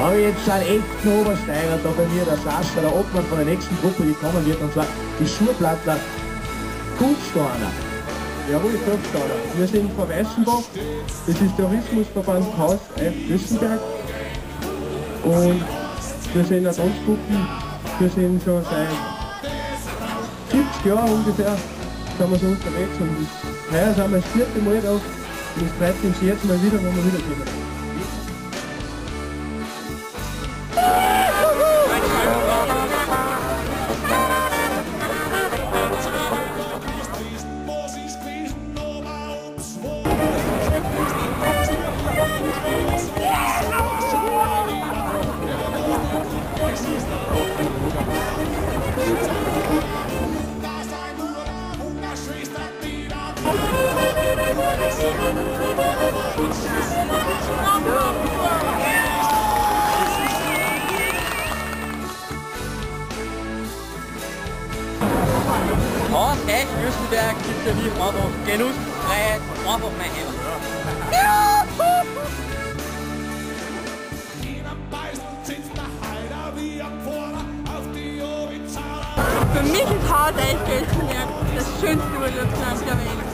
Aber jetzt einen echten Obersteiger da bei mir, der Sascha, der Obmann von der nächsten Gruppe, die kommen wird, und zwar die Schurplattler Gutsteiner. Jawohl, Gutsteiner. Wir sind vom Eschenbach, das ist Tourismusverband Haus F. Östenberg. Und wir sind ein Tanzgruppen. Wir sind schon seit 70 Jahren ungefähr sind wir so unterwegs und heuer sind wir das vierte Mal da und das bleibt uns jetzt mal wieder, wo wir wiederkommen. Og at Jøssenberg gik der lige op og genus, red op og Für mich ist Hardage Gelsenkirchen das schönste Urlaubsland der Welt.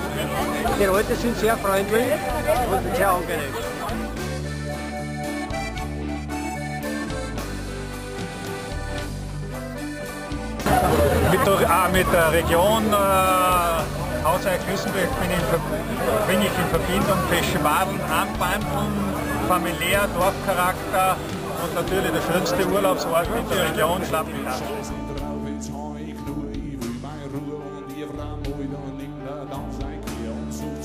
Die Leute sind sehr freundlich und sehr angenehm. Mit der, äh, mit der Region äh, außerhalb Küstenberg bin, bin, ich in Verbindung zwischen Madeln, Anbandeln, familiär, Dorfcharakter und natürlich der schönste Urlaubsort in der Region Ich nur Schlappingland. Ruhe und ihr Frauen, die dann in der Danzeit und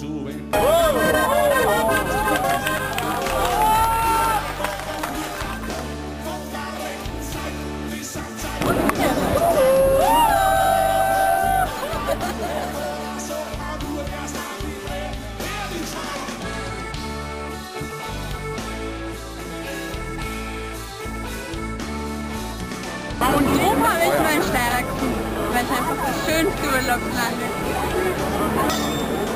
hier habe ich meinen stärksten, weil es einfach das schönste Urlaubsland ist.